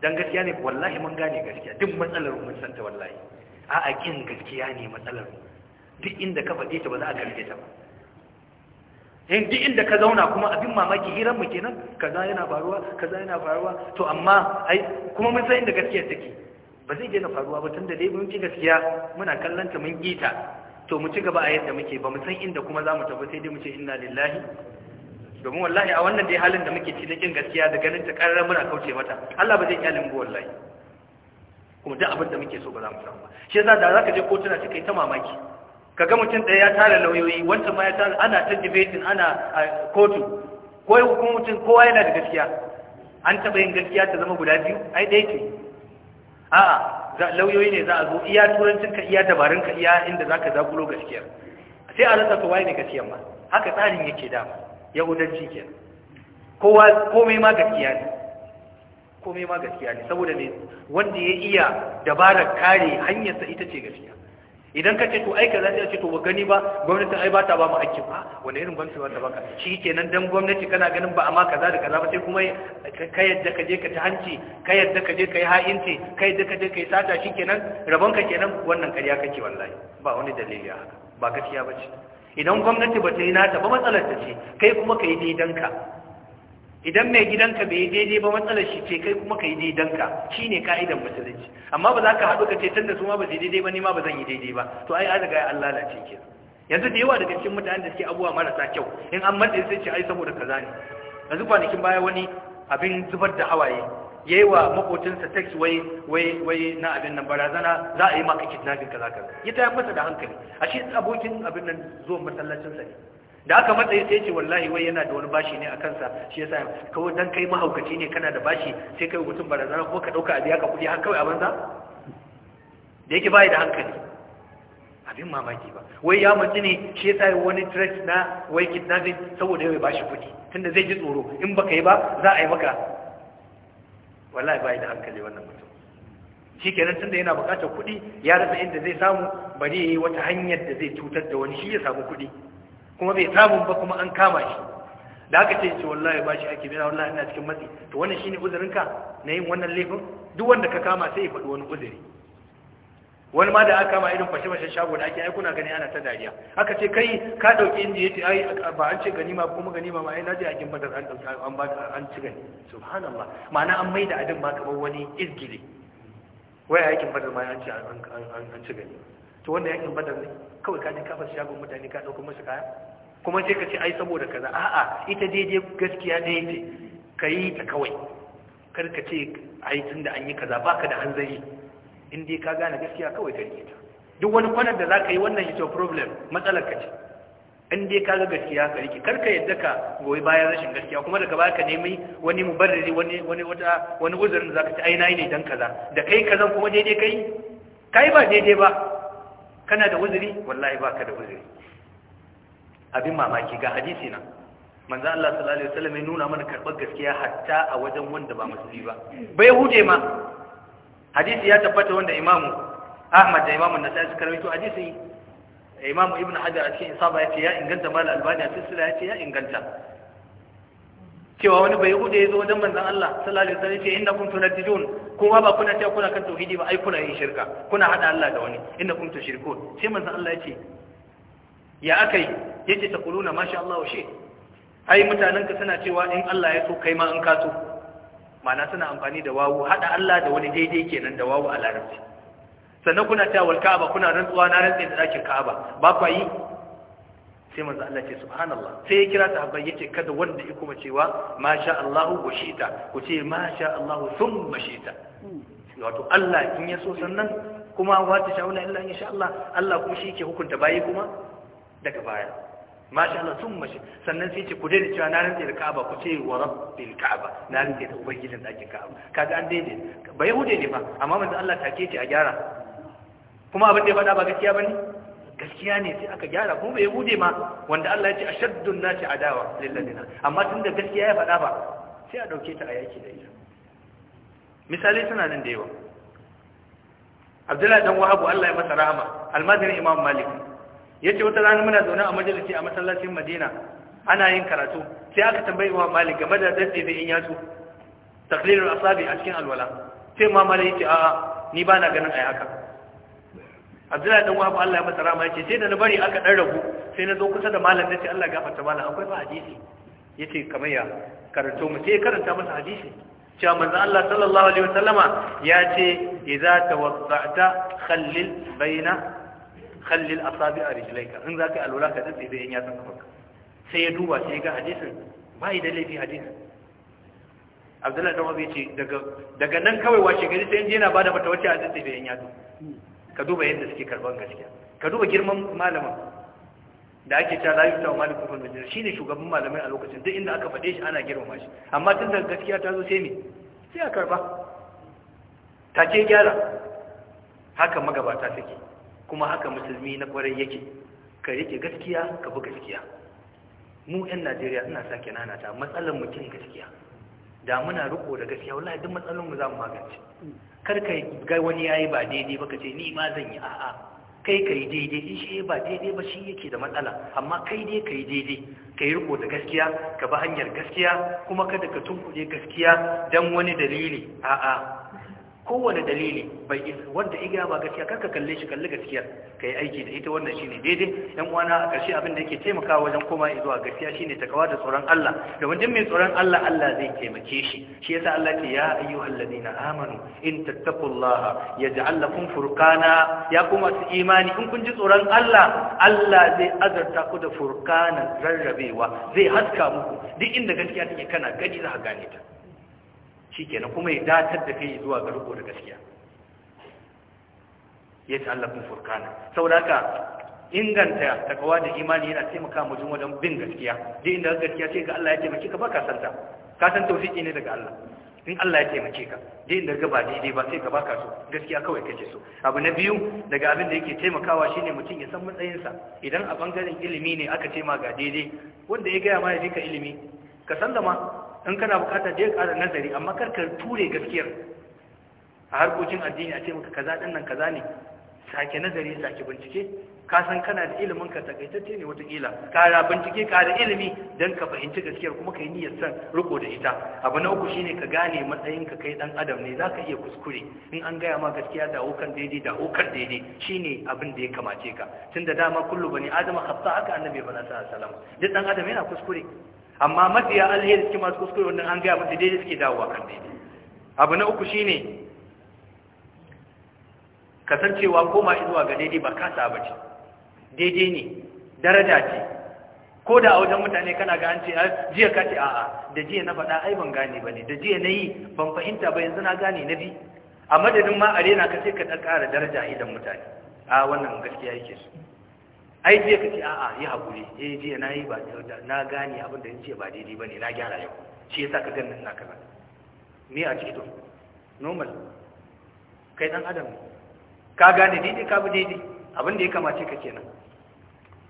dan gaskiya ne wallahi mun gane gaskiya duk matsalar mun san ta wallahi Aa kin gaskiya ne matsalar duk inda ka faɗe ta ba za a karfe ta ba in eh, duk inda ka zauna kuma abin mamaki hiran mu kenan kaza yana faruwa kaza yana faruwa to amma ai kuma mun san inda gaskiya take ba zai na faruwa ba tunda dai mun ci gaskiya muna kallon ta mun gita to mu ci gaba a yadda muke ba mu san inda kuma za mu tafi sai dai mu ce inna lillahi domin wallahi a wannan dai halin da muke ci na kin gaskiya da ganin ta karar muna kauce mata Allah ba zai kyale mu wallahi kuma duk abin da muke so ba za mu samu ba shi yasa da zaka je kotuna kai ta mamaki kaga mutum ɗaya ya tara lauyoyi wancan ma ya tara ana ta debating ana kotu ko kuma mutum kowa yana da gaskiya an taɓa yin gaskiya ta zama guda biyu ai ɗaya ce a'a lauyoyi ne za a zo iya turancin ka iya dabarun ka iya inda za ka zakulo gaskiyar sai a rasa to waye ne gaskiyar ma haka tsarin yake dama yahudanci kenan kowa komai ma gaskiya ne komai ma gaskiya ne saboda ne wanda ya iya dabarar kare hanyarsa ita ce gaskiya idan ka ce to ai kaza sai ce to ba gani ba gwamnatin ai ba ta ba mu hakki ba wani irin gwamnati ba ta baka shi kenan dan gwamnati kana ganin ba amma kaza da kaza ba sai kuma ka yadda ka je ka ta hanci ka yadda ka je ka yi ha'inci ka yadda ka je ka yi sata shi kenan rabon ka kenan wannan ƙarya kake wallahi ba wani dalili haka ba gaskiya ce. idan gwamnati ba ta yi nata ba matsalar ta ce kai kuma ka yi daidanka idan mai gidanka bai yi daidai ba matsalar shi ce kai kuma ka yi daidanka shi ne ka'idan musulunci amma ba za ka haɗu ka ce da su ma ba zai daidai ba ni ma ba zan yi daidai ba to ai an riga an lalace ke yanzu da yawa daga cikin mutanen da suke abubuwa marasa kyau in an matsayi sai ce ai saboda kaza ne yanzu kwanakin baya wani abin zubar da hawaye yayi wa makocinsa tax wai wai wai na abin nan barazana za a yi maka kidnapping kaza kaza ya yi masa da hankali ashe abokin abin nan zuwa masallacin sa ne da aka matsayi sai ce wallahi wai yana da wani bashi ne a kansa shi yasa kawai dan kai mahaukaci ne kana da bashi sai kai mutum barazana ko ka dauka abiya ka kudi har kawai a banza da yake bai da hankali abin mamaki ba wai ya mutu ne shi yasa wani trek na wai kidnapping saboda yau ya bashi kudi tunda zai ji tsoro in baka yi ba za a yi maka wallahi bai da hankali wannan mutum shi kenan tunda yana bukatar kudi ya rasa inda zai samu bari ya yi wata hanyar da zai cutar da wani shi ya samu kudi kuma bai samu ba kuma an kama shi da aka ce ce wallahi ba shi ake bera wallahi ina cikin matsi to wannan shine uzurinka na yin wannan laifin duk wanda ka kama sai ya faɗi wani uzuri wani ma da aka kama irin fashe-fashen shago da ake aikuna gani ana ta dariya aka ce kai ka ɗauki inda ya ce ai ba an ce ganima kuma ganima ma ai na je a kin badar an ɗauki an ba an ci gani subhanallah ma'ana an maida adin ma kamar wani izgile Waya aikin badar ma an ce an ci gani to wanda yakin badar ne kawai ka je kafa shagon mutane ka ɗauka masu kaya kuma sai ka ce ai saboda kaza a'a ita daidai gaskiya da ce ka yi ta kawai kar ka ce ai tun da an yi kaza baka da hanzari in dai ka gane gaskiya kawai ka rike ta duk wani kwanan da za ka yi wannan ita problem matsalar ka ce in dai ka ga gaskiya ka rike kar ka yadda ka goyi bayan rashin gaskiya kuma daga baya ka nemi wani mubarriri wani wani wata wani uzurin da za ka ci ai nayi ne dan kaza da kai kazan kuma daidai kai kai ba daidai ba kana da wuzuri wallahi baka da wuzuri abin mamaki ga hadisi nan manzo Allah sallallahu alaihi wasallam ya nuna mana karbar gaskiya hatta a wajen wanda ba musulmi ba bai hude ma hadisi ya tabbata wanda imamu Ahmad da imamu Nasa'i suka rawaito hadisi imamu Ibn Hajar a cikin Isaba yace ya inganta mal Albani a silsila yace ya inganta cewa wani bai hude ya zo wajen manzan Allah sallallahu alaihi wasallam ce kuntu tunajjidun kuma ba kuna cewa kuna kan tauhidi ba ai kuna yin shirka kuna hada Allah da wani kuntu tushrikun sai manzan Allah ya ce ya akai yace ta kuluna masha Allah shi ai mutanen ka suna cewa in Allah ya so kai ma in ka so ma'ana suna amfani da wawu hada Allah da wani daidai kenan da wawu a larabci sannan kuna cewa wal ka'aba kuna rantsuwa na rantsi da dakin ka'aba ba kwa yi sai manzo Allah ce subhanallah sai ya kira sahabbai yace kada wanda ya kuma cewa masha Allah wa shita ku ce masha Allah thumma shita hmm. wato Allah in ya so sannan kuma wata shawula illa in sha Allah Allah kuma shi ke hukunta bayi kuma daga baya masha Allah thumma shi sannan sai ce ku daina cewa na rantsa da Ka'aba ku ce wa rabbil Ka'aba na rantsa da ubangijin dakin Ka'aba kaga an daidai ba yahude ne ba amma manzo Allah take ce a gyara kuma abin da ya faɗa ba gaskiya bane gaskiya ne sai aka gyara kuma bai bude ma wanda Allah ya ce ashaddun nasi adawa lillazina amma da gaskiya ya faɗa ba sai a dauke ta a yaki da ita misali suna nan da yawa Abdullahi dan Wahabu Allah ya masa rahama almajirin Imam Malik yace wata rana muna zaune a majalisi a masallacin Madina ana yin karatu sai aka tambayi Imam Malik game da dadde da in yatsu taqlilul asabi a cikin alwala sai Imam Malik yace a'a ni ba na ganin ai haka abdullahi dan wahab Allah ya masa rama yace sai da na bari aka dan rabu sai na zo kusa da malam nace Allah gafarta malam akwai ba hadisi yace kamar ya karanto mu sai karanta masa hadisi cewa manzo Allah sallallahu alaihi wasallama yace idza tawadda'ta khallil baina khallil asabi'a rijlaika in zaka alwala ka dace da yanya yatsa kafarka sai ya duba sai ga hadisin ba da laifi hadisin Abdullahi dan wahab yace daga daga nan kawai washe gari sai yana bada mata wace hadisi da yanya yatsa ka duba yadda suke karban gaskiya ka duba girman malamin da ake cewa layu ta malik ibn majlis shine shugaban malamai a lokacin duk inda aka fade shi ana girmama shi amma tun da gaskiya ta zo sai me sai a karba ce gyara haka magabata take kuma haka musulmi na kwarai yake ka rike gaskiya ka bi gaskiya mu 'yan najeriya ina sa kenana ta matsalar mutum gaskiya da muna riko da gaskiya wallahi duk matsalolin mu za mu magance kar ka ga wani yayi ba daidai ba ka ce ni ma zan yi a'a kai kai daidai in shi ba daidai ba shi yake da matsala amma kai dai kai daidai kai riko da gaskiya ka ba hanyar gaskiya kuma kada ka tunkuje gaskiya dan wani dalili a'a kowane dalili bai isa wanda iga ba gaskiya karka kalle shi kalle gaskiya kai aiki da ita wannan shine daidai dan uwana a ƙarshe abin da yake taimakawa wajen koma zuwa gaskiya shine kawa da tsoron Allah Da wajen mai tsoron Allah Allah zai taimake shi shi yasa Allah ce ya ayyuhalladhina amanu in tattaqullaha yaj'al lakum furqana ya kuma su imani in kun ji tsoron Allah Allah zai azarta ku da furqana rarrabewa zai haska muku duk inda gaskiya take kana gani za ka gane ta na kuma ya datar da kai zuwa ga riko da gaskiya ya ci Allah furkana furkana da haka inganta takawa da imani yana taimaka mutum wajen bin gaskiya duk inda gaskiya ce ga Allah ya taimake ka ba ka santa ka san tawfiki ne daga Allah in Allah ya taimake ka duk inda ga ba daidai ba sai ka baka so gaskiya kawai kake so abu na biyu daga abin da yake taimakawa shine mutum ya san matsayinsa idan a bangaren ilimi ne aka ce ma ga daidai wanda ya gaya ma ya ka ilimi ka san da ma in kana bukata je ƙara nazari amma kar ka ture gaskiyar a harkokin addini a ce maka kaza din nan kaza ne sake nazari sake bincike ka san kana da ilimin ka takaitacce ne watakila Ƙara bincike ƙara ilimi don ka fahimci gaskiyar kuma ka yi niyyar san riko da ita abu na uku shine ka gane matsayin ka kai dan adam ne zaka iya kuskure in an gaya ma gaskiya da hukan daidai da hukan daidai shine abin da ya kamace ka tunda dama kullu bani adama khata aka annabi ba sallallahu alaihi wasallam duk dan adam yana kuskure amma mafiya alheri cikin masu kuskure wannan an gaya mutu daidai suke dawowa kan daidai abu na uku shine kasancewa koma zuwa ga daidai ba kasa ba ce daidai ne daraja ce ko da a wajen mutane kana ga an ce ah, jiya ka ce a'a da jiya na faɗa ai ban gane ba ne da jiya na yi ban fahimta ba yanzu na gane na bi a madadin ma a rena ka ce ka ɗan ƙara daraja idan mutane a wannan gaskiya yake su ai jiya kace a'a yi hakuri eh jiya nayi ba na gane abin da nace ba daidai bane na gyara yau shi yasa ka ganin na kaza me a ciki to normal kai dan adam ka gane daidai ka bi daidai abin da ya kamace ka kenan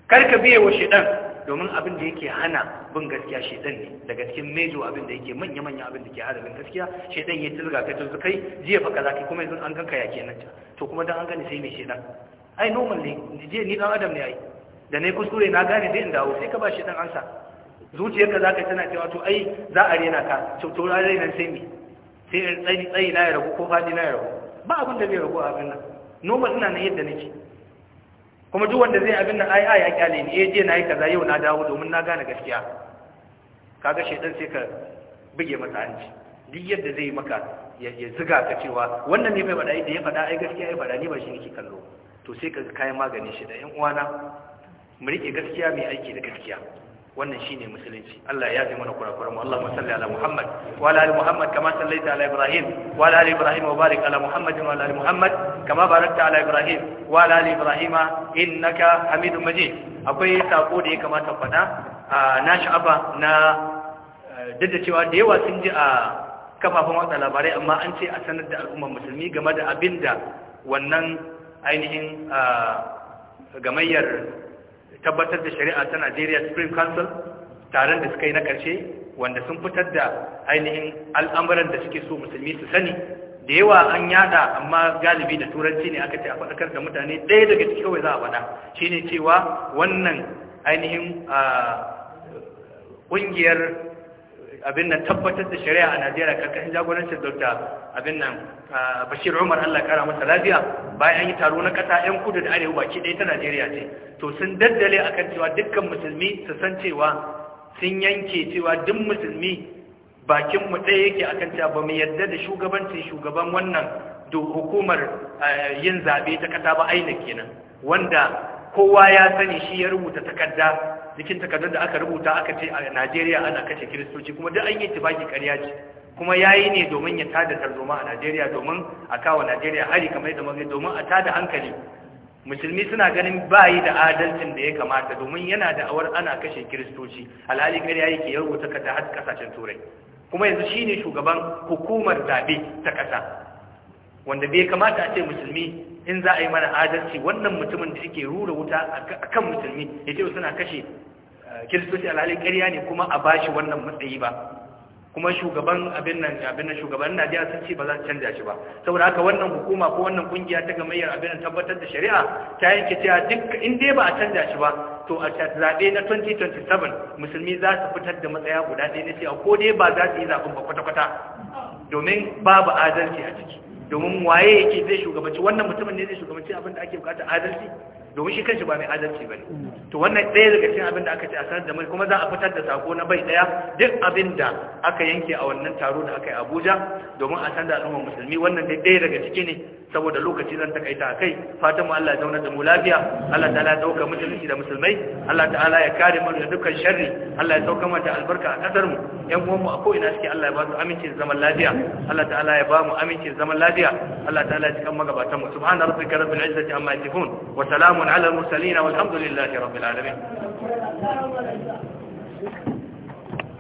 kar ka biye wa shedan domin abin da yake hana bin gaskiya shedan ne daga cikin mejo abin da yake manya manya abin da ke hada bin gaskiya shedan ya tilga ka tilga kai jiya fa kaza kai kuma yanzu an ganka ya kenan to kuma dan an gane sai me shedan ai noman ne je ni dan adam ne ai da ne kuskure na gane dai in dawo sai ka ba shi dan ansa ka zaka tana cewa to ai za a rena ka to to ra rena sai me sai in tsayi tsayi na ya ragu ko fadi na ya ragu ba abin da bai ragu a abin nan normal ina nan yadda nake kuma duk wanda zai abin nan ai ai ya kyale ni eh je na yi kaza yau na dawo domin na gane gaskiya kaga shedan sai ka buge masa hanci duk yadda zai maka ya ziga ka cewa wannan ne bai faɗa da ya faɗa ai gaskiya ai faɗa ni ba shi nake kallo to sai ka kayan magani shi da yan uwana mu rike gaskiya mai aiki da gaskiya wannan shine musulunci Allah ya yafe mana kurakuran mu Allahumma salli ala Muhammad wa ala ali Muhammad kama sallaita ala Ibrahim wa ala ali Ibrahim wa barik ala Muhammad wa ala ali Muhammad kama barakta ala Ibrahim wa ala ali Ibrahim innaka Hamidum Majid akwai sako da ya kamata faɗa na sha'aba na eh, dadda cewa da yawa sun ji a kafafen watsa labarai amma an ce a sanar da al'ummar musulmi game da abinda wannan ainihin gamayyar tabbatar da shari'a ta Nigeria Supreme Council taron da suka yi na ƙarshe wanda sun fitar da ainihin al'amuran da suke so musulmi su sani da yawa an yada amma galibi da turanci ne aka ce a faɗakar da mutane ɗaya daga cikin kawai za a faɗa shine cewa wannan ainihin ƙungiyar abin nan tabbatar da shari'a a Najeriya karkashin jagorancin Dr. abin nan Bashir Umar Allah kara masa lafiya bayan an yi taro na kasa yan kudu da arewa baki ɗaya ta Najeriya ce to sun daddale akan cewa dukkan musulmi su san cewa sun yanke cewa duk musulmi bakin mu ɗaya yake akan cewa ba mu yarda da shugabancin shugaban wannan hukumar yin zaɓe ta kasa ba aina kenan wanda kowa ya sani shi ya rubuta takarda cikin takardar da aka rubuta aka ce a Najeriya ana kashe kiristoci kuma duk an yi tibaki ƙarya ce kuma yayi ne domin ya tada tarzoma a Najeriya domin a kawo Najeriya hari kamar yadda muke domin a tada hankali musulmi suna ganin bayi da adalcin da ya kamata domin yana da awar ana kashe kiristoci alhali ƙarya yake ya rubuta kada har kasashen turai kuma yanzu shine shugaban hukumar zabe ta ƙasa wanda bai kamata a ce musulmi in za a yi mana adalci wannan mutumin da yake rura wuta a kan musulmi ya ce suna kashe eh, kiristoci alhalin karya ne kuma a bashi wannan matsayi ba kuma shugaban abin nan abin nan shugaban Najeriya sun ce ba za su canja shi ba saboda haka wannan hukuma ko wannan kungiya ta gamayyar abin nan tabbatar da shari'a ta yanke cewa duk in dai ba a canja shi ba to a zaɓe na 2027 musulmi za su fitar da matsaya guda ɗaya na cewa ko dai ba za su yi zaɓen ba kwata-kwata domin babu adalci a ciki domin waye yake zai shugabanci wannan mutumin ne zai shugabanci abin da ake bukata adalci domin shi kanshi ba mai adalci ba ne to wannan ɗaya daga cikin abin da aka ce a sanar da mai kuma za a fitar da sako na bai ɗaya duk abin da aka yanke a wannan taro da aka yi abuja domin a sanar da al'ummar musulmi wannan dai ɗaya daga ciki ne saboda lokaci zan takaita a kai fatan mu Allah ya zauna da mu lafiya Allah ta'ala ya dauka musulunci da musulmai Allah ta'ala ya kare mu da dukkan sharri Allah ya sauka mata albarka a kasar mu yan uwan mu a ko ina suke Allah ya ba su aminci da zaman lafiya Allah ta'ala ya ba mu aminci da zaman lafiya Allah ta'ala ya cika magabatan mu subhana rabbika rabbil izzati amma yasifun wa salamun على المرسلين والحمد لله رب العالمين